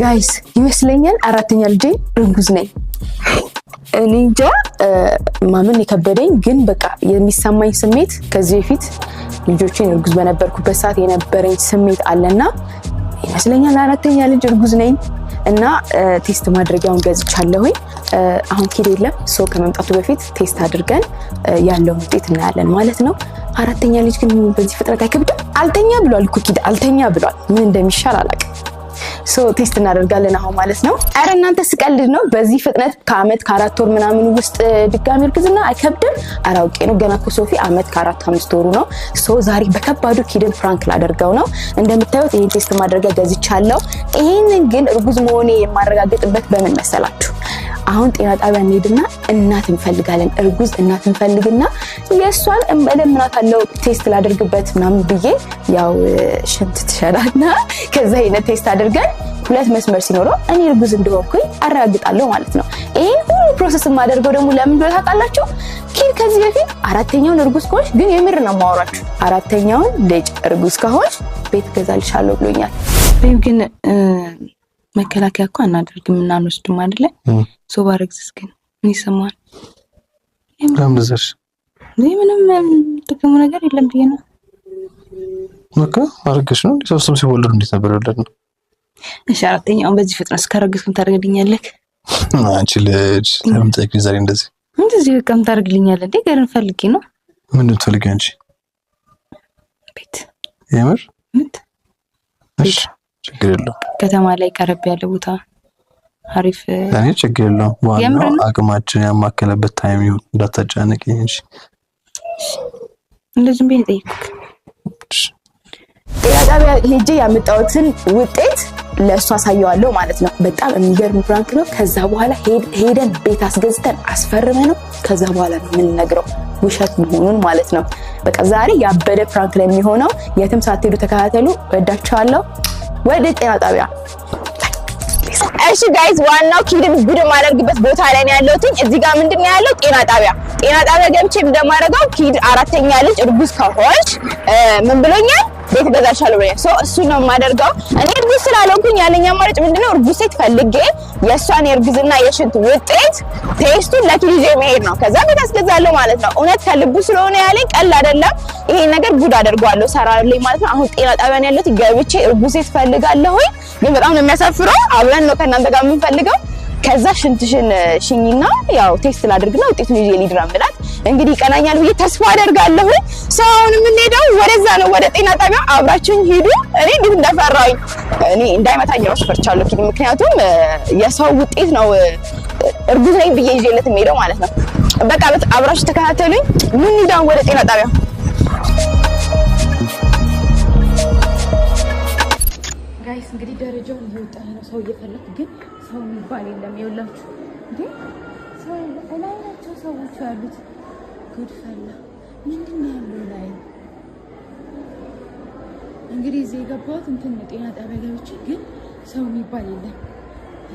ጋይስ ይመስለኛል አራተኛ ልጄ እርጉዝ ነኝ። እኔ እንጃ ማመን የከበደኝ ግን በቃ የሚሰማኝ ስሜት ከዚህ በፊት ልጆችን እርጉዝ በነበርኩበት ሰዓት የነበረኝ ስሜት አለና ይመስለኛል አራተኛ ልጅ እርጉዝ ነኝ እና ቴስት ማድረጊያውን ገዝቻለሁኝ። አሁን ኪድ የለም ሰው ከመምጣቱ በፊት ቴስት አድርገን ያለውን ውጤት እናያለን ማለት ነው። አራተኛ ልጅ ግን በዚህ ፍጥነት አይከብድም። አልተኛ ብሏል እኮ ኪድ አልተኛ ብሏል። ምን እንደሚሻል አላውቅም። ቴስት እናደርጋለን አሁን ማለት ነው። አረ እናንተ ስቀልድ ነው። በዚህ ፍጥነት ከአመት ከአራት ወር ምናምን ውስጥ ድጋሚ እርግዝና አይከብድም። አራውቄ ነው ገና እኮ ሶፊ አመት ከአራት አምስት ወሩ ነው። ሶ ዛሬ በከባዱ ኪድን ፍራንክ ላደርገው ነው። እንደምታዩት ይህን ቴስት ማድረጊያ ገዝቻለሁ። ይህንን ግን እርጉዝ መሆኔ የማረጋግጥበት በምን መሰላችሁ? አሁን ጤና ጣቢያ እንሄድና እናት እንፈልጋለን፣ እርጉዝ እናት እንፈልግና የእሷን እንበለምናት አለው ቴስት ላደርግበት ምናምን ብዬ ያው ሽንት ትሸናና ከዛ አይነት ቴስት አድርገን ሁለት መስመር ሲኖረው እኔ እርጉዝ እንደሆንኩኝ አረጋግጣለሁ ማለት ነው። ይህን ሁሉ ፕሮሰስ የማደርገው ደግሞ ለምን ብለ ታውቃላችሁ? ኪድ ከዚህ በፊት አራተኛውን እርጉዝ ከሆንሽ ግን የምር ነው ማወራችሁ፣ አራተኛውን ልጅ እርጉዝ ከሆንሽ ቤት ገዛልሻለሁ ብሎኛል ግን መከላከያ እኮ አናደርግም እናንወስድም አይደለ? ሰው ባረግዝስ ግን ምን ይሰማል? ምንዘሽ ምንም ጥቅሙ ነገር የለም ብዬ ነው። በቃ አረገሽ ነው። ሰብስም ሲወለዱ እንዴት ነበር የወለድ ነው? እሺ አራተኛውን በዚህ ፍጥነት እስካረገዝኩም ታደርግልኛለህ? አንቺ ልጅ ለምን ጠይቂኝ? ዛሬ እንደዚህ እንደዚህ በቃ ምታደርግልኛለህ እንዴ? ገርን ፈልጊ ነው። ምን ትፈልጊ አንቺ? ቤት የምር ምት እሺ ችግር የለውም። ከተማ ላይ ቀረብ ያለ ቦታ አሪፍ። እኔ ችግር የለውም። ዋናው አቅማችን ያማከለበት ታይም ይሁን። እንዳታጫነቅ እንጂ እንደዚህ ቤት ጠይቅ። ጤና ጣቢያ ሄጄ ያመጣሁትን ውጤት ለእሱ አሳየዋለሁ ማለት ነው። በጣም የሚገርም ፍራንክ ነው። ከዛ በኋላ ሄደን ቤት አስገዝተን አስፈርመ ነው። ከዛ በኋላ ነው የምንነግረው ውሸት መሆኑን ማለት ነው። በቃ ዛሬ ያበደ ፍራንክ ነው የሚሆነው። የትም ሳትሄዱ ተከታተሉ። ወዳቸዋለሁ። ወደ ጤና ጣቢያ። እሺ ጋይዝ ዋናው ኪድ ቡድን የማደርግበት ቦታ ላይ ነው ያለሁት። እዚህ ጋር ምንድን ነው ያለው? ጤና ጣቢያ። ጤና ጣቢያ ገብቼ እንደማደርገው ኪድ አራተኛ ልጅ እርጉዝ ከሆንሽ ምን ብሎኛል ኬክ ገዛ ሶ እሱ ነው የማደርገው። እኔ እርጉዝ ስላልሆንኩኝ ያለኝ አማራጭ ምንድነው እርጉዝ ሴት ፈልጌ የእሷን የእርግዝና የሽንት ውጤት ቴስቱን ለኪል ይዤ መሄድ ነው። ከዛ ቤት አስገዛለሁ ማለት ነው። እውነት ከልቡ ስለሆነ ያለኝ ቀል አይደለም። ይሄ ነገር ጉድ አደርጓለሁ ሰራለኝ ማለት ነው። አሁን ጤና ጣቢያን ያሉት ገብቼ እርጉዝ ሴት ፈልጋለሁ፣ ግን በጣም ነው የሚያሳፍረው። አብረን ነው ከእናንተ ጋር የምንፈልገው ከዛ ሽንትሽን ሽኝና ያው ቴስት ላድርግና ውጤቱን ይዤ ሊድራ ምላት እንግዲህ ይቀናኛል ብዬ ተስፋ አደርጋለሁ። ሰው አሁን የምንሄደው ወደዛ ነው፣ ወደ ጤና ጣቢያ አብራችሁኝ ሂዱ። እኔ እንዴት እንደፈራሁኝ እኔ እንዳይመታኝ ራሱ ፈርቻለሁ። ምክንያቱም የሰው ውጤት ነው እርጉዝ ነኝ ብዬ ይዤለት የምሄደው ማለት ነው። በቃ አብራችሁ ተከታተሉኝ። ምን ሂዳን ወደ ጤና ጣቢያ ጋይስ እንግዲህ ደረጃውን እየወጣ ነው ሰው እየፈለኩ ግን ሰው የሚባል የለም። የውላችሁ እንዴ ሰው እላይ ናቸው ሰዎቹ ያሉት። ጉድፈላ ምንድን ነው ያለው ላይ እንግዲህ እዚህ የገባሁት እንትን ጤና ጣቢያ ገብቼ ግን ሰው የሚባል የለም።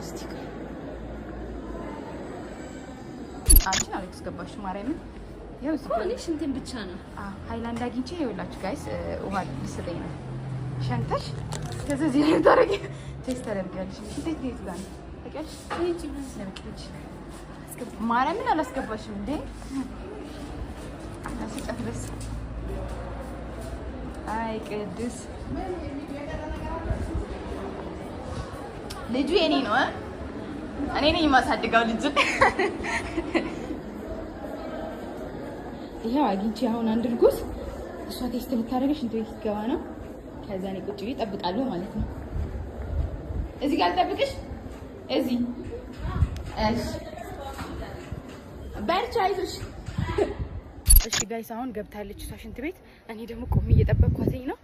እስቲ አንቺን አላስገባሽም ማርያምን ያው ስኮሊሽ እንትን ብቻ ነው። አዎ ሃይላንድ አግኝቼ ይኸውላችሁ ጋይስ ውሃ ልስጠኝ ነው ሸንተሽ ከዚህ ታደርጊ ቴስት ታደርጊያለሽ። ቴስት ጋር ነው ታውቂያለሽ? ማርያምን አላስገባሽም እንዴ? ስጨፍርስ አይ ቅድስ ልጁ የኔ ነው። እኔ ነኝ የማሳድገው ልጁ ይኸው አግኝቼ አሁን አንድ እርጉዝ እሷ ቴስት የምታደርገሽ እንትን ቤት ነው። ከዛ እኔ ቁጭ ብዬ እጠብቃለሁ ማለት ነው። እዚህ ጋር ልጠብቅሽ እዚህ እሺ፣ በርቺ፣ አይዞሽ። ጋይስ፣ አሁን ገብታለች እሷ ሽንት ቤት። እኔ ደግሞ ቆሜ እየጠበቅኳትኝ ነው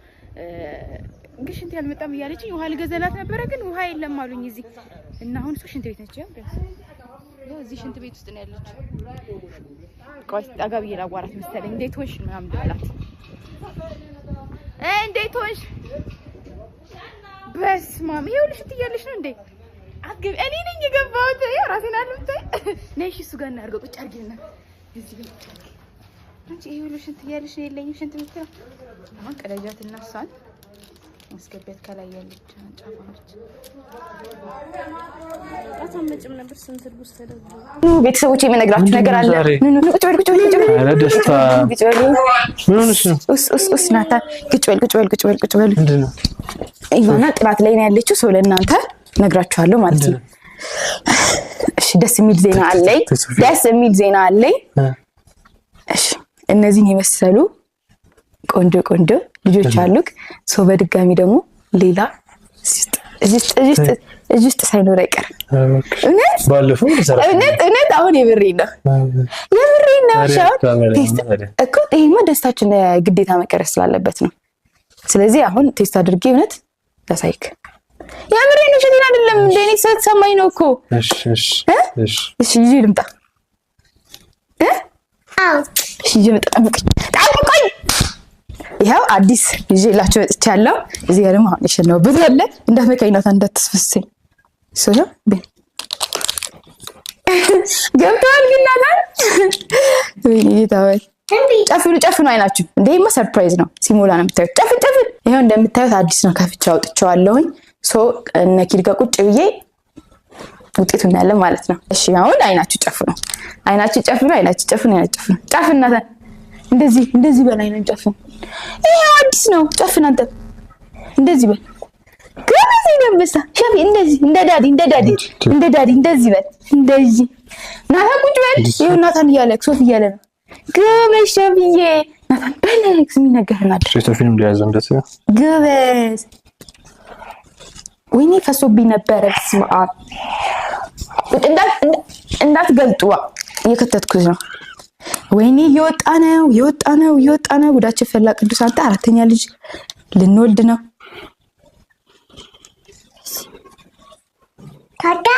ግን ሽንት ያልመጣም እያለችኝ ውሃ ልገዛላት ነበረ፣ ግን ውሃ የለም አሉኝ እዚህ እና አሁን እሷ ሽንት ቤት ነች። እዚህ ሽንት ቤት ውስጥ ነው ያለችው። ቆይ ጠጋ ብዬ ላዋራት መሰለኝ። እንዴት ሆንሽ ምናምን ልበላት። እንዴት ሆንሽ? በስመ አብ ይኸውልሽ፣ እንትን እያለሽ ነው እንዴ አትገቢ። እኔ ነኝ የገባሁት። ያው ራሴን አልምታይ ነሽ እሱ ጋር እናድርገው። ቁጭ አድርጊና እዚህ ጋር አንቺ ይሄ ሁሉ ሽንት እያለሽ ነው የለኝም ሽንት የምትለው አሁን ቀዳጃት እና እሷን ማስገቢያት ከላይ ያለች ጫፋኖች አታመጭም ነበር። ስንት እርጉዝ ተደርጎ ቤተሰቦች የሚነግራችሁ ነገር አለ። ቁጭ በል ቁጭ በል ቁጭ በል ደስታ ቁጭ ምን ሆነሽ ነው? እስ ናታ ቁጭ በል ቁጭ በል ቁጭ በል ቁጭ በል ኢቫና ጥላት ላይ ነው ያለችው ሰው ለእናንተ ነግራችኋለሁ ማለት ነው። እሺ፣ ደስ የሚል ዜና አለኝ። ደስ የሚል ዜና አለኝ። እሺ፣ እነዚህን የመሰሉ ቆንጆ ቆንጆ ልጆች አሉክ። ሰው በድጋሚ ደግሞ ሌላ እዚህ ውስጥ ሳይኖር አይቀርም። እውነት እውነት አሁን የብሬ ነው የብሬ ነው እኮ ይሄማ ደስታችን ግዴታ መቀረስ ስላለበት ነው። ስለዚህ አሁን ቴስት አድርጌ እውነት የምሬን ውሸቴን አይደለም። እንደ እኔ ስለተሰማኝ ነው እኮ። እሺ እሺ እሺ ልምጣ እሺ ይዤ ልምጣ። ጠብቁኝ ጠብቁኝ። ይኸው አዲስ ይዤላችሁ መጥቻለሁ። እዚህ ጋር ደግሞ አሁን ብዙ አለ። እንዳትነካኝ ናታ፣ እንዳትስፈስኝ ስለው ገብተዋል። ግን ናታ ወይ ጨፍኑ ጨፍኑ አይናችሁ። እንዴማ ሰርፕራይዝ ነው። ሲሞላ ነው የምታዩት። ጨፍን ጨፍን። ይኸው እንደምታዩት አዲስ ነው። ከፍቼ አውጥቼዋለሁኝ። ሶ እነ ኪድ ጋር ቁጭ ብዬ ውጤቱ እናያለን ማለት ነው። እሺ አሁን አይናችሁ ጨፍኑ፣ አይናችሁ ጨፍኑ፣ አይናችሁ ጨፍኑ፣ አይናችሁ ጨፍኑ። ጨፍና እንደዚህ እንደዚህ በል፣ አይነን ጨፍን። ይሄ አዲስ ነው። ጨፍ እናንተ እንደዚህ በል። ከዚህ ደምሳ ሸፊ እንደዚህ እንደ ዳዲ እንደ ዳዲ እንደ ዳዲ እንደዚህ በል። እንደዚህ ናታ ቁጭ በል። ይኸው ናታን እያለ ሶፊ እያለ ነው። ግበዝ ሸፍዬ ናታን በል የሚነገር ናደ ሸፊንም ሊያዘ እንደዚህ ግበዝ ወይኔ ፈሶብኝ ነበረ። ስማ እንዳትገልጡዋ እየከተትኩት ነው። ወይኔ እየወጣ ነው እየወጣ ነው እየወጣ ነው። ጉዳችን ፈላ። ቅዱስ አንተ አራተኛ ልጅ ልንወልድ ነው። ጥፍን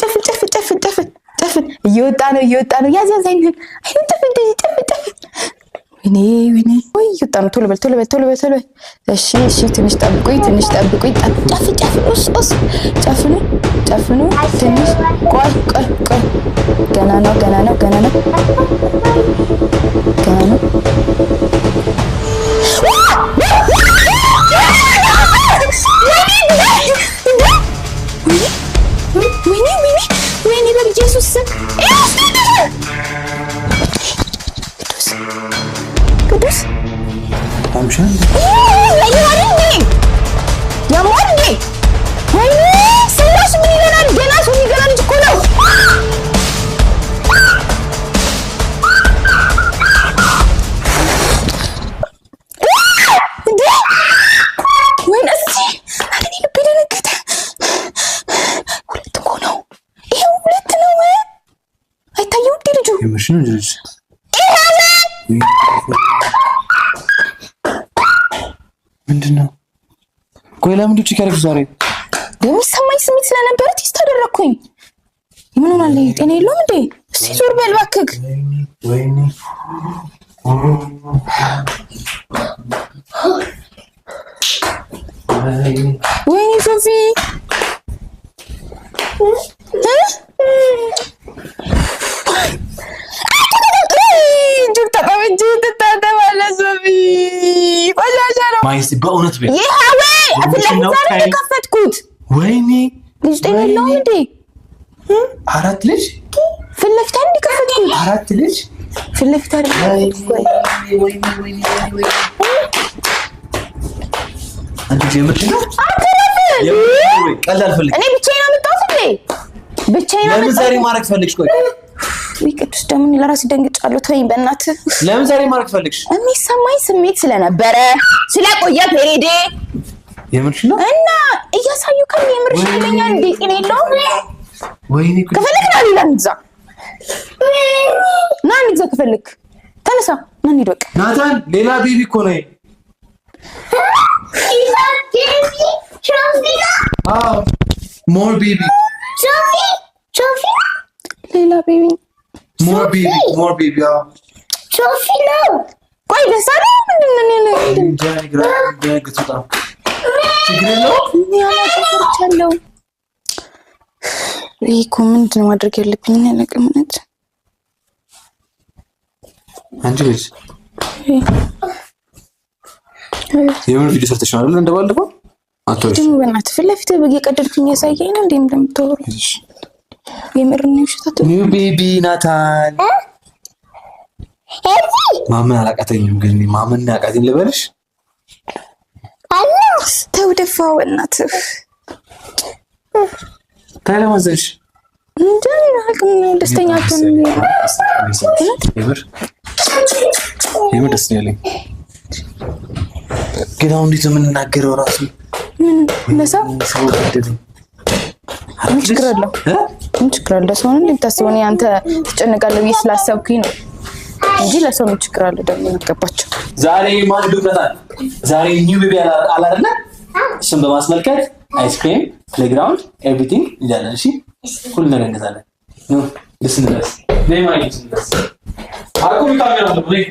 ጥፍን ጥፍን ጥፍን ጥፍን እየወጣ ነው እየወጣ ነው። ያዝ ያዝ አይንህን አይን ጥፍን ጥፍን ጥፍን ወይኔ ወይኔ ወይ በጣም ቶሎ በል ቶሎ በል ቶሎ በል ቶሎ በል። እሺ እሺ፣ ትንሽ ጠብቁኝ፣ ትንሽ ጠብቁኝ። ጨፍ ጨፍ ኡስ ኡስ ጨፍኑ ጨፍኑ። ትንሽ ቆይ ቆይ ቆይ። ገና ነው ገና ነው ገና ነው ገና ነው ያላችሁ? ምንድን ነው? ቆይ ለምንድን ያደረግሽ? ዛሬ የሚሰማኝ ስሜት ስለነበረ ቴስት አደረግኩኝ። ምን ሆናለ? ጤና የለውም እንዴ? ዞር በል እባክህ። ወይኔ ሶፊ እጁን ተጠብጅ ትታጠባለህ። ሶፊ ቆሻሻ ነው በእውነት ቤት ይሄ ፊት ለፊት የከፈትኩት። ወይኔ ልጅ ጤና የለውም እንዴ? አራት ልጅ ፊት ለፊት የከፈትኩት አራት ልጅ ፊት ለፊት ቀላል ፈልግ። እኔ ብቻዬን አመጣሁት እንዴ? ብቻዬን ለምን ዛሬ ማድረግ ፈልግሽ? ቆይ ውይ ቅዱስ ደግሞ ለራሴ ደንግጫለሁ። ተወኝ በእናት ለምን ዛሬ ማድረግ ፈልግሽ? የሚሰማኝ ስሜት ስለነበረ ስለቆየ ፔሬዴ የምርሽ ነው እና እያሳዩ ከም የምርሽ ይለኛ እንዴ ጤና የለውም። ወይኔ ከፈልክ ና ሌላ እንግዛ፣ ና እንግዛ ከፈልክ ተነሳ፣ ና እንሂድ። በቃ ናታን፣ ሌላ ቤቢ እኮ ነው ሞር ቤቢ ሌላ ቤቢ Morbi, Morbi ya. Sophie, no. Guarda, sabe? Vieni, vieni che tu da. Tigrillo? ሰርቻለሁ ይህ እኮ ምንድን ነው ማድረግ ያለብኝ? ያለቀም ነጭ አንቺ ልጅ የምን ቪዲዮ ሰርተሽናል? ምን እንደባለፈው አቶ ደግሞ በእናትህ ፊት ለፊት በየቀደድኩኝ ያሳየኝ ነው እንዴ እንደምታወሩ ኒው ቤቢ ናታን ማመን አላቃተኝም፣ ግን ማመን አቃተኝ ልበልሽ። ተው ደፋው፣ በእናትህ ታዲያ ማዘንሽ ደስተኛ የምር ደስ ያለኝ ግን አሁን እንዴት የምንናገረው ራሱ ምን ገደለኝ ምን ችግር አለው? ምን ችግር አለው? ለሰው ነው እንደምታስበው ነው አንተ ትጨነቃለህ ብዬ ስላሰብኩኝ ነው እንጂ ለሰው ምን ችግር አለው? ደግሞ የሚገባቸው ዛሬ ማን ዱብረታል? ዛሬ ኒው ቤቢ አላደለ? እሱን በማስመልከት አይስክሪም፣ ፕሌግራውንድ፣ ኤቭሪቲንግ እንላለን። እሺ ሁሉ ነገር እንገዛለን። ኑ ልስንደርስ ነይ ማለት ልስንደርስ አቁም ካሜራ ነው ወይ?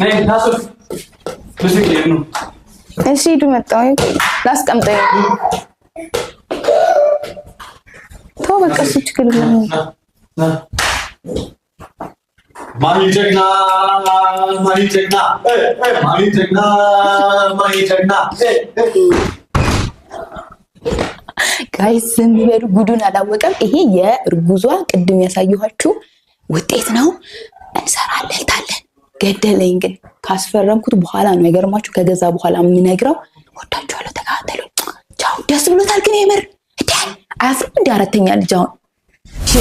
ነይ ታሱ ብዙ ነው። እሺ ሂዱ መጣሁ ላስቀምጠኝ ተው በቃ እሱ ችግር የለም። ማሚ ጀግና ማሚ ጀግና ማሚ ጀግና ማሚ ጀግና ጋይስ ዝም ጉዱን አላወቀም። ይሄ የእርጉዟ ቅድም ያሳየኋችሁ ውጤት ነው። እንሰራለን ታለን ገደለኝ ግን ካስፈረምኩት በኋላ ነው የገርማችሁ። ከገዛ በኋላ የምነግረው ወዳችኋለሁ። ተከታተሉ። ቻው። ደስ ብሎታል ግን የምር አያስብ እንዲ አራተኛ ልጅ አሁን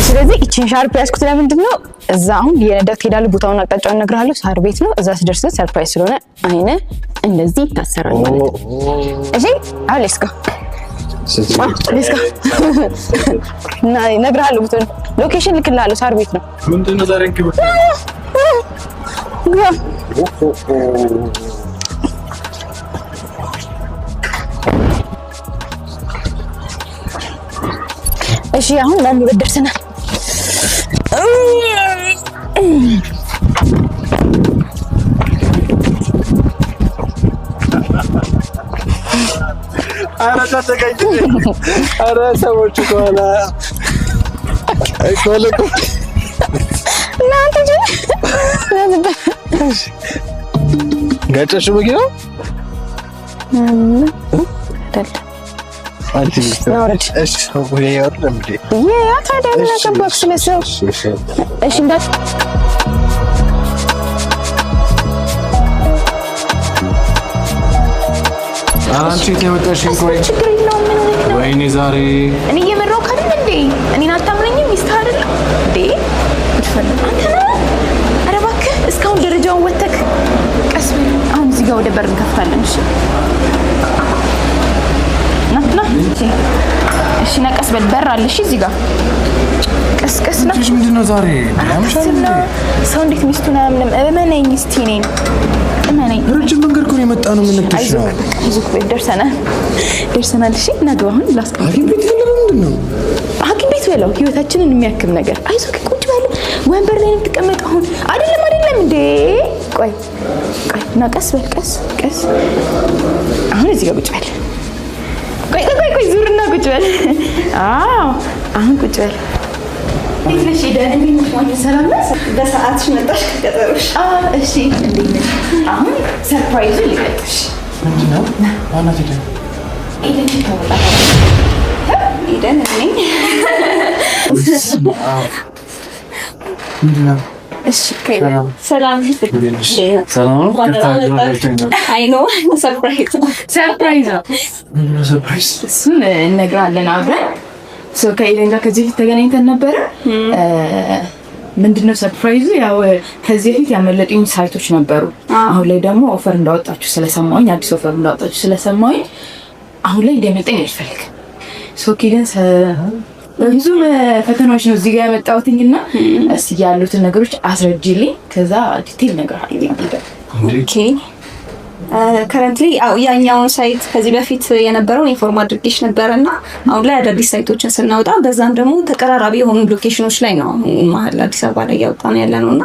ስለዚህ ይችን ሻርፕ ያዝኩት ለምንድን ነው? እዛ አሁን የነዳት ትሄዳለህ፣ ቦታውን አቅጣጫውን እነግርሃለሁ። ሳር ቤት ነው። እዛ ስደርስ ሰርፕራይዝ ስለሆነ አይነ እንደዚህ ይታሰራል ማለት ነው። እሺ አሁን ሌስካ ሌስካ እነግርሃለሁ። ቦታውን ሎኬሽን ልክልሃለሁ። ሳር ቤት ነው። ምንድን ነው ዛሬ ግባ እሺ አሁን ላሉ ደርሰናል። ኧረ ተዘጋጅ። ኧረ ሰዎቹ ከሆነ ገጨሽው መኪናው ወይኔ ዛሬ እኔ እየመራሁ ካልን እንዴ እኔን አታምነኝም። ሚስትህ አይደለም እንዴ ኧረ እባክህ እስካሁን ደረጃውን ወተክ። ቀስ አሁን እዚህ ጋር ወደ በር እንከፍታለን። እሺ እሺ፣ ነቀስ በል በር አለ። እሺ፣ እዚህ ጋር ቀስቀስ ነው። ምንድን ነው ዛሬ? ሰው እንዴት ሚስቱን አያምንም? እመነኝ እስቲ ነኝ እመነኝ። ረጅም መንገድ እኮ ነው የመጣ ነው። ደርሰናል፣ ደርሰናል። እሺ፣ ና አሁን ምንድን ነው? ሐኪም ቤት በለው፣ ህይወታችንን የሚያክም ነገር። አይዞህ፣ ቁጭ በል። ወንበር ላይ ነው አሁን። አይደለም፣ አይደለም። እንዴ ቆይ፣ ቆይ፣ ና በል፣ ቀስ ቀስ። አሁን እዚህ ጋር ቁጭ በል ቁጭ በል። አዎ አሁን ቁጭ በል። በሰዓትሽ መጣሽ ከቀጠሮሽ። እሺ እንዴት ነሽ? አሁን ሰርፕራይዙ ሊመጥሽ ነው እሱን እነግራለን አብረን ከኤደን ጋር ከዚህ ፊት ተገናኝተን ነበረ። ምንድነው ሰርፕራይዙ? ያው ከዚህ በፊት ያመለጡኝ ሳይቶች ነበሩ። አሁን ላይ ደግሞ ኦፈር እንዳወጣችሁ ስለሰማሁኝ አዲስ ኦፈር እንዳወጣችሁ ስለሰማሁኝ አሁን ላይ እንደመጠኝ አልፈልግም። ሶኪደን ብዙም ፈተናዎች ነው እዚህ ጋር ያመጣሁትኝ እስ ያሉትን ነገሮች አስረጅልኝ፣ ከዛ ዲቴል ነገር ከረንትሊ ያኛውን ሳይት ከዚህ በፊት የነበረውን ኢንፎርም አድርጌሽ ነበረ እና አሁን ላይ አዳዲስ ሳይቶችን ስናወጣ በዛም ደግሞ ተቀራራቢ የሆኑ ሎኬሽኖች ላይ ነው መሀል አዲስ አበባ ላይ እያወጣ ነው ያለ ነው እና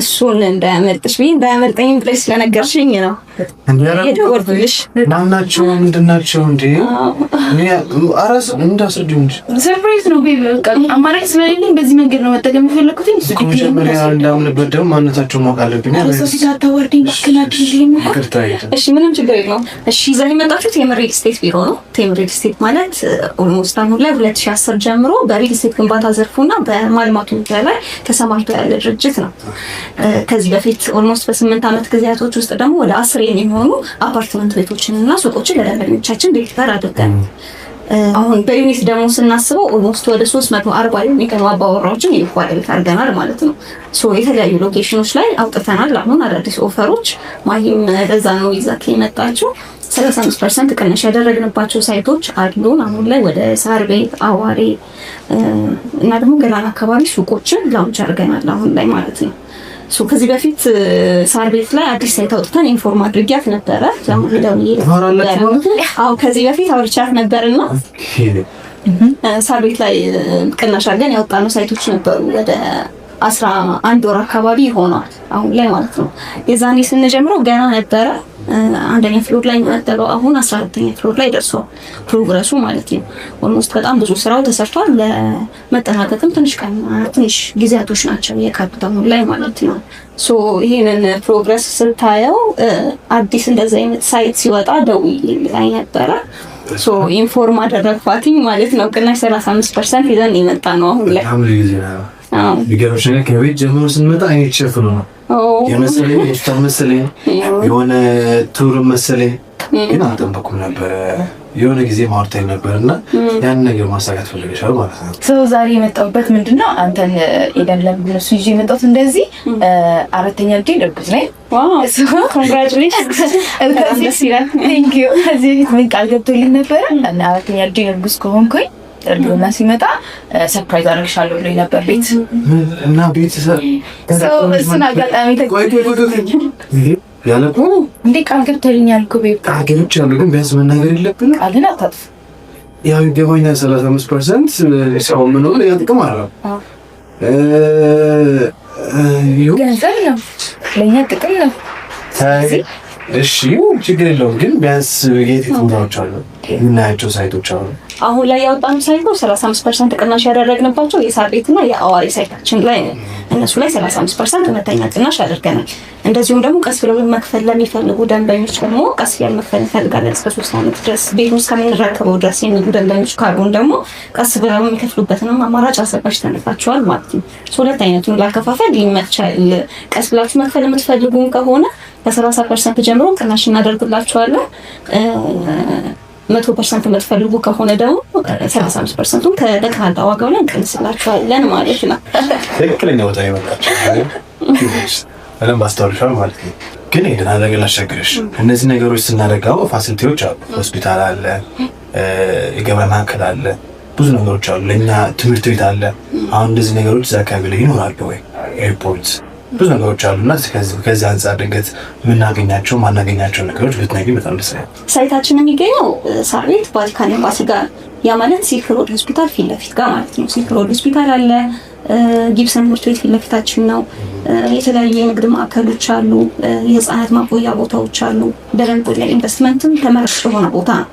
እሱን እንዳያመልጥሽ ብዬ እንዳያመልጠኝም ብለሽ ስለነገርሽኝ ነው የደወልኩልሽ። ማናቸው ምንድናቸው? እንዲ አረስ ሰርፕራይዝ ነው። አማራጭ ስለሌለኝ በዚህ መንገድ ነው መጠቀም ማንነታቸው ማወቅ አለብኝ። ምንም ችግር የለውም። እሺ፣ እዛ የመጣችሁት የሪል ስቴት ቢሮ ነው። ሪል ስቴት ማለት ኦልሞስት አሁን ላይ ሁለት ሺህ አስር ጀምሮ በሪል ስቴት ግንባታ ዘርፉና በማልማቱ ላይ ተሰማርቶ ያለ ድርጅት ነው። ከዚህ በፊት ኦልሞስት በስምንት ዓመት ጊዜያቶች ውስጥ ደግሞ ወደ አስር የሚሆኑ አፓርትመንት ቤቶችን እና ሱቆችን ለደንበኞቻችን ዴሊቨር አድርገን አሁን በዩኒት ደግሞ ስናስበው ኦልሞስት ወደ ሶስት መቶ አርባ የሚገኙ አባወራዎችን የባለ ቤት አድርገናል ማለት ነው። ሶ የተለያዩ ሎኬሽኖች ላይ አውጥተናል። አሁን አዳዲስ ኦፈሮች ማይም በዛ ነው ይዛት የመጣችው። ሰላሳ ፐርሰንት ቅናሽ ያደረግንባቸው ሳይቶች አሉን። አሁን ላይ ወደ ሳር ቤት፣ አዋሬ እና ደግሞ ገላን አካባቢ ሱቆችን ላውንች አድርገናል አሁን ላይ ማለት ነው። ከዚህ በፊት uh, ሳር ቤት ላይ አዲስ ሳይት አውጥተን ኢንፎርም አድርጊያት ነበረ። አዎ ከዚህ በፊት አውርቻት ነበርና ሳር ቤት ላይ ቅናሽ አድርገን ያወጣነው ሳይቶች ነበሩ ወደ አስራ አንድ ወር አካባቢ ይሆናል አሁን ላይ ማለት ነው። የዛኔ ስንጀምረው ገና ነበረ አንደኛ ፍሎር ላይ ያደረው አሁን አስራ አራተኛ ፍሎር ላይ ደርሰዋል። ፕሮግረሱ ማለት ነው። ኦልሞስት በጣም ብዙ ስራው ተሰርቷል። ለመጠናቀቅም ትንሽ ቀን ትንሽ ጊዜያቶች ናቸው የካፒታሉ ላይ ማለት ነው። ሶ ይህንን ፕሮግረስ ስታየው አዲስ እንደዚህ አይነት ሳይት ሲወጣ ደውዪልኝ ብላኝ ነበረ። ሶ ኢንፎርም አደረግኳትኝ ማለት ነው። ቅናሽ ሰላሳ አምስት ፐርሰንት ይዘን የመጣ ነው አሁን ላይ ቢገሮች ከቤት ጀምሮ ስንመጣ አይነት ሸፍኖ ነው የመሰለኝ የጭታ መሰለኝ የሆነ ቱር መሰለኝ ግን አልጠበኩም ነበረ። የሆነ ጊዜ ማርታኝ ነበር እና ያን ነገር ማሳካት ፈልገሻል ማለት ነው። ሰው ዛሬ የመጣሁበት ምንድን ነው አንተን ኤደን ይዤ የመጣሁት እንደዚህ አራተኛ ልጄ እርጉዝ ነኝ። ከዚህ በፊት ምን ቃል ገብቶልኝ ነበረ አራተኛ ልጄ ከሆንኩኝ እርግብና ሲመጣ ሰፕራይዝ አድርግሻለሁ ብሎኝ ነበር ቤት እና ቤተሰብ እሱን አጋጣሚ እንዴ ቃል ገብተልኛል እኮ ቤት ቃል ገብቻለሁ፣ ግን ቢያንስ መናገር የለብን ቃልን አታጥፍ። ያው ፐርሰንት ሰው ጥቅም አለ ገንዘብ ነው ለእኛ ጥቅም ነው። እሺ ችግር የለውም፣ ግን ቢያንስ የት ቦታዎች አሉ የምናያቸው ሳይቶች አሉ አሁን ላይ ያወጣነው ሳይቆ 35% ቅናሽ ያደረግንባቸው የሳር ቤትና የአዋሪ ሳይታችን ላይ እነሱ ላይ 35% እውነተኛ ቅናሽ አድርገናል። እንደዚሁም ደግሞ ቀስ ብለው መክፈል ለሚፈልጉ ደንበኞች ደግሞ ቀስ ብለን መክፈል እንፈልጋለን እስከ 3 ዓመት ድረስ ቤቱን እስከምንረከበው ድረስ የሚሉ ደንበኞች ካሉን ደግሞ ቀስ ብለው የሚከፍሉበትንም አማራጭ አዘጋጅተንላቸዋል ማለት ነው። ሁለት አይነቱን ላከፋፈል ይመቻል። ቀስ ብላችሁ መክፈል የምትፈልጉን ከሆነ ከ30% ጀምሮ ቅናሽ እናደርግላችኋለን። መቶ ፐርሰንት የምትፈልጉ ከሆነ ደግሞ ሰላሳ አምስት ፐርሰንቱን ከጠቅላላ ዋጋው ላይ እንቀንስላችኋለን ማለት ነው። ትክክለኛ ቦታ ይመጣቸው በደንብ አስታውሻል ማለት ነው። ግን ይሄን አደረገ ላሻገረሽ እነዚህ ነገሮች ስናደርጋው ፋሲሊቲዎች አሉ። ሆስፒታል አለ፣ የገበያ ማዕከል አለ፣ ብዙ ነገሮች አሉ። ለእኛ ትምህርት ቤት አለ። አሁን እንደዚህ ነገሮች እዛ አካባቢ ላይ ይኖራሉ ወይ ኤርፖርት ብዙ ነገሮች አሉና ከዚህ አንጻር ድንገት የምናገኛቸው ማናገኛቸው ነገሮች ብትነግሪኝ በጣም ደስ ይላል። ሳይታችን የሚገኘው ሳር ቤት ቫቲካን ኤምባሲ ጋር ያ ማለት ሲልክ ሮድ ሆስፒታል ፊት ለፊት ጋር ማለት ነው። ሲልክ ሮድ ሆስፒታል አለ ጊብሰን ትምህርት ቤት ፊት ለፊታችን ነው። የተለያዩ የንግድ ማዕከሎች አሉ፣ የህፃናት ማቆያ ቦታዎች አሉ። ደረንቆድ ላይ ኢንቨስትመንትም ተመራጭ የሆነ ቦታ ነው።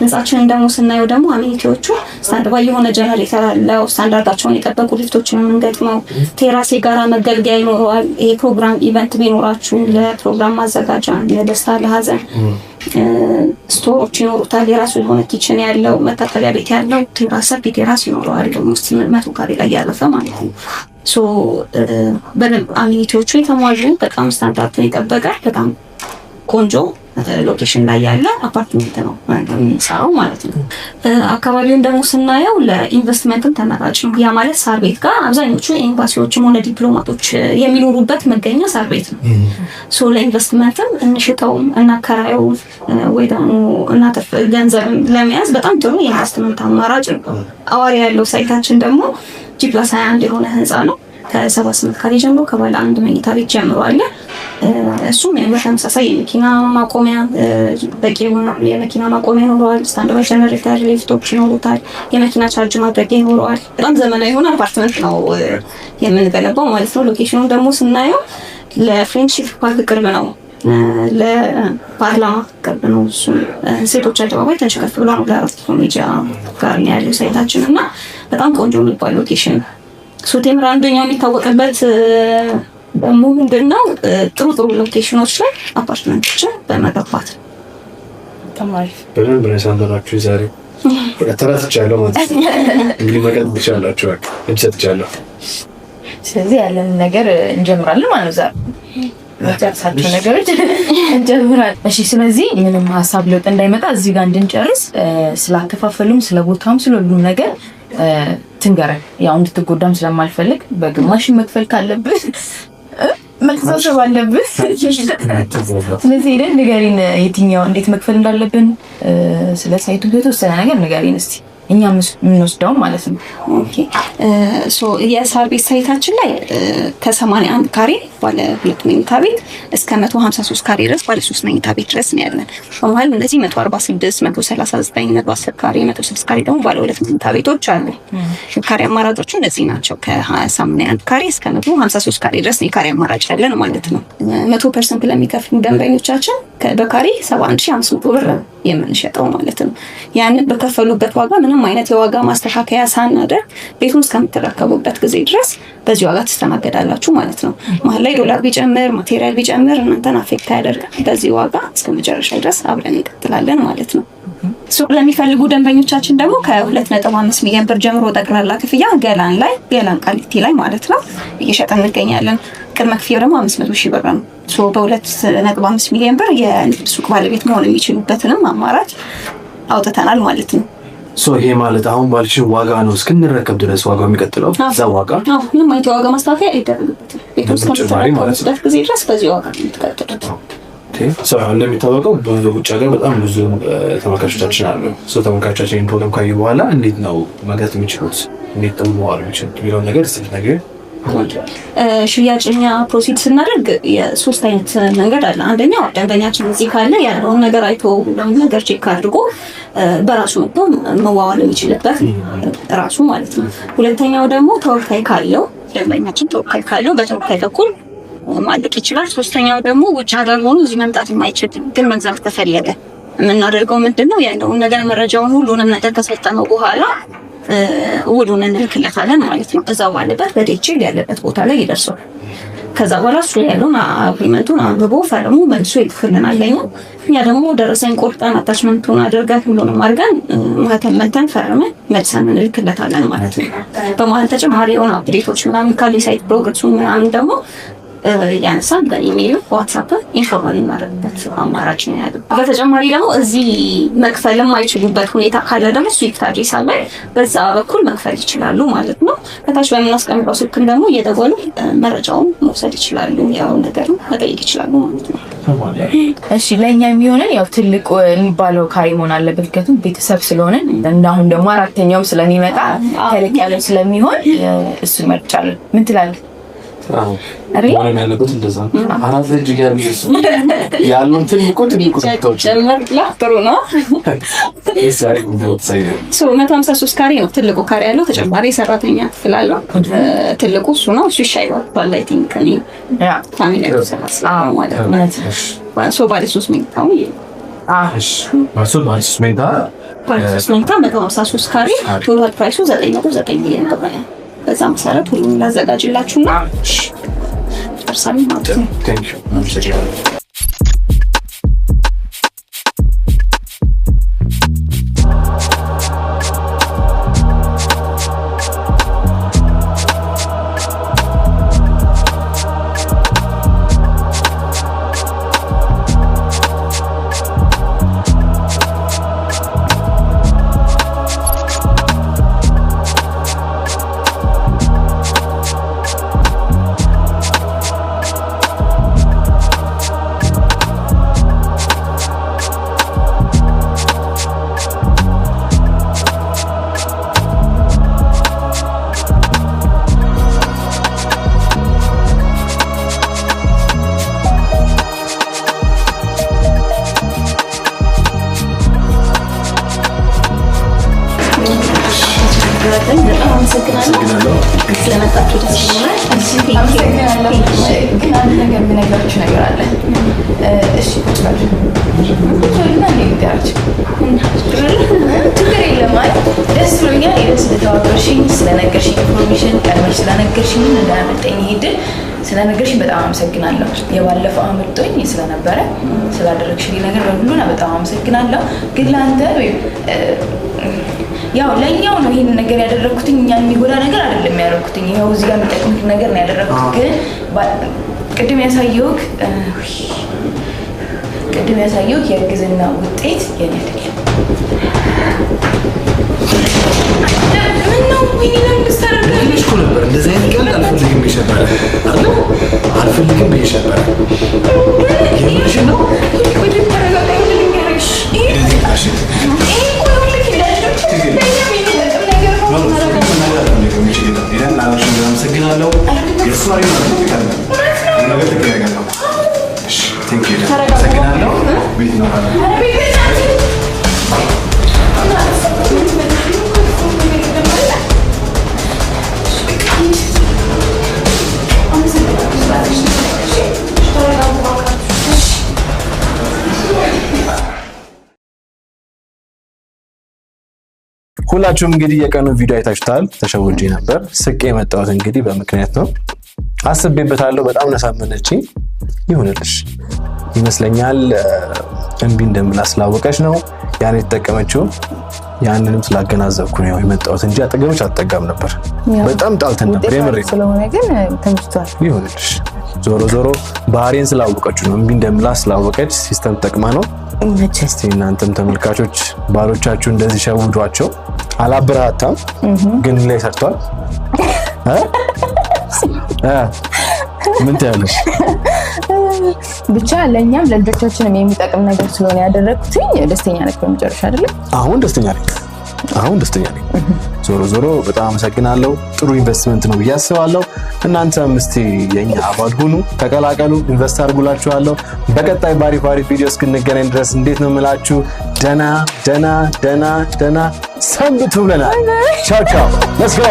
ህንጻችንን ደግሞ ስናየው ደግሞ አሜኒቲዎቹ ስታንድባይ የሆነ ጀነሬተር አለው። ስታንዳርዳቸውን የጠበቁ ሊፍቶችን የምንገጥመው ቴራስ የጋራ መገልገያ ይኖረዋል። ይሄ ፕሮግራም ኢቨንት ቢኖራችሁ ለፕሮግራም ማዘጋጃ ለደስታ ለሀዘን ስቶሮች ይኖሩታል። የራሱ የሆነ ኪችን ያለው መታጠቢያ ቤት ያለው ቴራስ ቤት የራሱ ይኖረዋል። ስ መቶ ካሬ ላይ ያለፈ ማለት ነው። በደንብ አሚኒቲዎቹ የተሟሉ በጣም ስታንዳርድን የጠበቀ በጣም ቆንጆ ሎኬሽን ላይ ያለ አፓርትመንት ነው የሚሰራው ማለት ነው። አካባቢውን ደግሞ ስናየው ለኢንቨስትመንትም ተመራጭ ነው። ያ ማለት ሳር ቤት ጋር አብዛኞቹ ኤምባሲዎችም ሆነ ዲፕሎማቶች የሚኖሩበት መገኛ ሳር ቤት ነው። ሶ ለኢንቨስትመንትም እንሽጠውም እናከራየው ወይ ደግሞ እናተፍ ገንዘብም ለመያዝ በጣም ጥሩ የኢንቨስትመንት አማራጭ ነው። አዋሪ ያለው ሳይታችን ደግሞ ጂፕላስ 21 የሆነ ህንፃ ነው። ከሰባ ስምንት ካሬ ጀምሮ ከባለ አንድ መኝታ ቤት ጀምሮ እሱም በተመሳሳይ የመኪና ማቆሚያ በቂ የመኪና ማቆሚያ ይኖረዋል። ስታንድ ባይ ጀነሬተር፣ ሊፍቶች ይኖሩታል። የመኪና ቻርጅ ማድረጊያ ይኖረዋል። በጣም ዘመናዊ የሆነ አፓርትመንት ነው የምንገነባው ማለት ነው። ሎኬሽኑን ደግሞ ስናየው ለፍሬንድሺፕ ፓርክ ቅርብ ነው፣ ለፓርላማ ቅርብ ነው። እሱም ሴቶች አደባባይ ትንሽ ከፍ ብሎ ነው ጋር ሚዲያ ጋር ያለው ሳይታችን እና በጣም ቆንጆ የሚባል ሎኬሽን ሶቴምር አንደኛው የሚታወቅበት ደግሞ ምንድነው ጥሩ ጥሩ ሎኬሽኖች ላይ አፓርትመንቶችን በመገንባት በደንብ ነው የሳንተላችሁ ዛሬ ተረትቻለሁ ማለት እንግዲህ መቀጠል ትችላላችሁ። እጅ ሰጥቻለሁ። ስለዚህ ያለንን ነገር እንጀምራለን ማለት ነው። ዛሬ ጨርሳቸው ነገሮች እንጀምራለን። እሺ። ስለዚህ ምንም ሀሳብ ለውጥ እንዳይመጣ እዚህ ጋር እንድንጨርስ ስላከፋፈሉም፣ ስለ ቦታውም፣ ስለ ሁሉም ነገር ትንገረን። ያው እንድትጎዳም ስለማልፈልግ በግማሽ መክፈል ካለብን መተሳሰብ አለብን። ስለዚህ ሄደን ንገሪን፣ የትኛው እንዴት መክፈል እንዳለብን ስለ ሳይቱ የተወሰነ ነገር ንገሪን እስቲ። እኛ የምንወስደው ማለት ነው። የሳር ቤት ሳይታችን ላይ ከ81 ካሬ ባለ ሁለት መኝታ ቤት እስከ 153 ካሬ ድረስ ባለ ሶስት መኝታ ቤት ድረስ ነው ያለን። በመሀል እንደዚህ 146፣ 139፣ 110 ካሬ፣ 106 ካሬ ደግሞ ባለ ሁለት መኝታ ቤቶች አሉ። ካሬ አማራጮቹ እነዚህ ናቸው። ከ81 ካሬ እስከ 153 ካሬ ድረስ የካሬ አማራጭ ያለን ማለት ነው። መቶ ፐርሰንት ለሚከፍሉ ደንበኞቻችን በካሬ 71500 ብር የምንሸጠው ማለት ነው። ያንን በከፈሉበት ዋጋ ምንም ምንም አይነት የዋጋ ማስተካከያ ሳናደርግ ቤቱን እስከምትረከቡበት ጊዜ ድረስ በዚህ ዋጋ ትስተናገዳላችሁ ማለት ነው። መሀል ላይ ዶላር ቢጨምር ማቴሪያል ቢጨምር እናንተን አፌክት አያደርግም። በዚህ ዋጋ እስከ መጨረሻ ድረስ አብረን እንቀጥላለን ማለት ነው። ሱቅ ለሚፈልጉ ደንበኞቻችን ደግሞ ከሁለት ነጥብ አምስት ሚሊዮን ብር ጀምሮ ጠቅላላ ክፍያ ገላን ላይ ገላን ቃሊቲ ላይ ማለት ነው እየሸጠ እንገኛለን። ቅድመ ክፍያው ደግሞ መቶ ሺህ ብር ነው ነጥብ አምስት ሚሊዮን ብር የሱቅ ባለቤት መሆን የሚችሉበትንም አማራጭ አውጥተናል ማለት ነው። ይሄ ማለት አሁን ባልሽን ዋጋ ነው እስክንረከብ ድረስ ዋጋው የሚቀጥለው እዛ ዋጋ ምንም አይነት የዋጋ ማስታወቂያ አይደረግበትም። ጊዜ ድረስ በዚህ ዋጋ ነው የሚቀጥሉት። እንደሚታወቀው በውጭ ሀገር በጣም ብዙ ተመልካቾቻችን አሉ። ተመልካቾቻችን ፕሮግራም ካዩ በኋላ እንዴት ነው መግዛት የሚችሉት፣ እንዴት ጥሙ የሚችሉት የሚለውን ነገር ስት ነገር ሽያጭኛ ፕሮሲድ ስናደርግ የሶስት አይነት መንገድ አለ። አንደኛው ደንበኛችን እዚህ ካለ ያለውን ነገር አይቶ ሁሉም ነገር ቼክ አድርጎ በራሱ መጥቶ መዋዋል የሚችልበት ራሱ ማለት ነው። ሁለተኛው ደግሞ ተወካይ ካለው ደንበኛችን ተወካይ ካለው በተወካይ በኩል ማለቅ ይችላል። ሶስተኛው ደግሞ ውጭ ሀገር ሆኖ እዚህ መምጣት የማይችል ግን መግዛት ከፈለገ የምናደርገው ምንድን ነው ያለውን ነገር መረጃውን ሁሉንም ነገር ከሰጠነው በኋላ ውሉን እንልክለታለን ማለት ነው። እዛው ባለበት በዴችል ያለበት ቦታ ላይ ይደርሷል። ከዛ በኋላ እሱ ያለውን አግሪመንቱን አንብቦ ፈርሞ መልሶ ይልክልናል። ለኛ እኛ ደግሞ ደረሰኝ ቆርጠን አታችመንቱን አድርገን ሁሉንም አድርገን ማህተም መተን ፈርመን መልሰን እንልክለታለን ማለት ነው። በመሀል ተጨማሪ የሆነ አፕዴቶች ምናምን ካሊሳይት ፕሮግረሱ ምናምን ደግሞ ያነሳል በኢሜይል ዋትሳፕ ኢንፎርማሊ ማድረግበት አማራጭ ነው ያለው። በተጨማሪ ደግሞ እዚህ መክፈል የማይችሉበት ሁኔታ ካለ ደግሞ ስዊፍት አድሬስ አለ፣ በዛ በኩል መክፈል ይችላሉ ማለት ነው። ከታች በምናስቀምጠው ስልክም ደግሞ እየደወሉ መረጃውን መውሰድ ይችላሉ፣ ያው ነገር መጠየቅ ይችላሉ ማለት ነው። እሺ ለእኛ የሚሆነን ያው ትልቅ የሚባለው ካሪ መሆን አለበት፣ ምክንያቱም ቤተሰብ ስለሆነን እንዳሁን ደግሞ አራተኛውም ስለሚመጣ ተልቅ ያለው ስለሚሆን እሱ መርጫለን። ምን ትላለህ? ሆነ ያለበት እንደዛ አራት ልጅ ጋር ያሉን ትልቁ ትልቁ ጥሩ ነው። መቶ ሀምሳ ሶስት ካሬ ነው ትልቁ ካሬ ያለው ተጨማሪ ሰራተኛ ክፍል ትልቁ እሱ ነው። እሱ ይሻይባል። ባለ ሶስት መኝታው ባለ ሶስት መኝታ መቶ ሀምሳ ሶስት ካሬ ፕራይሱ ዘጠኝ ነጥብ ዘጠኝ ሚሊዮን ነው። በዛ መሰረት ሁሉም ላዘጋጅላችሁና እርሳሚ ማለት ነው። ስለተከታተል በጣም አመሰግናለሁ። ነገር የምነግራችሁ ነገር አለ። እሺ ችግር የለም ማለት ደስ ብሎኛል። ስለነገርሽኝ ኢንፎርሜሽን ቀድመሽ ስለነገርሽኝ እንዳያመልጠኝ ይሄድል ስለ ነገርሽኝ በጣም አመሰግናለሁ። የባለፈው አመጦኝ ስለነበረ ስላደረግሽልኝ ነገር በሙሉ በጣም አመሰግናለሁ። ግን ለአንተ ያው ለእኛው ነው ይህን ነገር ያደረግኩትኝ። እኛ የሚጎዳ ነገር አይደለም ያደረግኩትኝ። ይኸው እዚህ ጋር የሚጠቅምክ ነገር ነው ያደረግኩት። ግን ቅድም ያሳየውክ ቅድም ያሳየውክ የእርግዝና ውጤት የኔ አይደለም። ነበር እንደዚህ አይነት ነው ሁላችሁም እንግዲህ የቀኑን ቪዲዮ አይታችሁታል። ተሸውጄ ነበር። ስቄ የመጣሁት እንግዲህ በምክንያት ነው። አስቤበታለሁ። በጣም ነሳመነችኝ። ይሁንልሽ ይመስለኛል እምቢ እንደምላ ስላወቀች ነው ያን የተጠቀመችው። ያንንም ስላገናዘብኩ ነው የመጣሁት እንጂ አጠገቦች አጠጋም ነበር። በጣም ጣልተን ነበር። የምሬ ስለሆነ ግን ተምችቷል። ይሁንልሽ። ዞሮ ዞሮ ባህሬን ስላወቀችው ነው እምቢ እንደምላ ስላወቀች ሲስተም ጠቅማ ነው እስቲ እናንተም ተመልካቾች ባሎቻችሁ እንደዚህ ሸውዷቸው። አላበረታታም፣ ግን ላይ ሰርቷል። ምን ትያለሽ? ብቻ ለእኛም ለልጆቻችንም የሚጠቅም ነገር ስለሆነ ያደረግኩትኝ ደስተኛ ነኝ። በመጨረሻ አይደለም አሁን ደስተኛ ነኝ። አሁን ደስተኛ ነኝ። ዞሮ ዞሮ በጣም አመሰግናለሁ። ጥሩ ኢንቨስትመንት ነው ብዬ አስባለሁ። እናንተም እስቲ የኛ አባል ሁኑ፣ ተቀላቀሉ፣ ኢንቨስት አድርጉላችኋለሁ። በቀጣይ ባሪፍ ባሪፍ ቪዲዮ እስክንገናኝ ድረስ እንዴት ነው የምላችሁ? ደና ደና ደና ደና ሰንብቱ ብለናል። ቻው ቻው።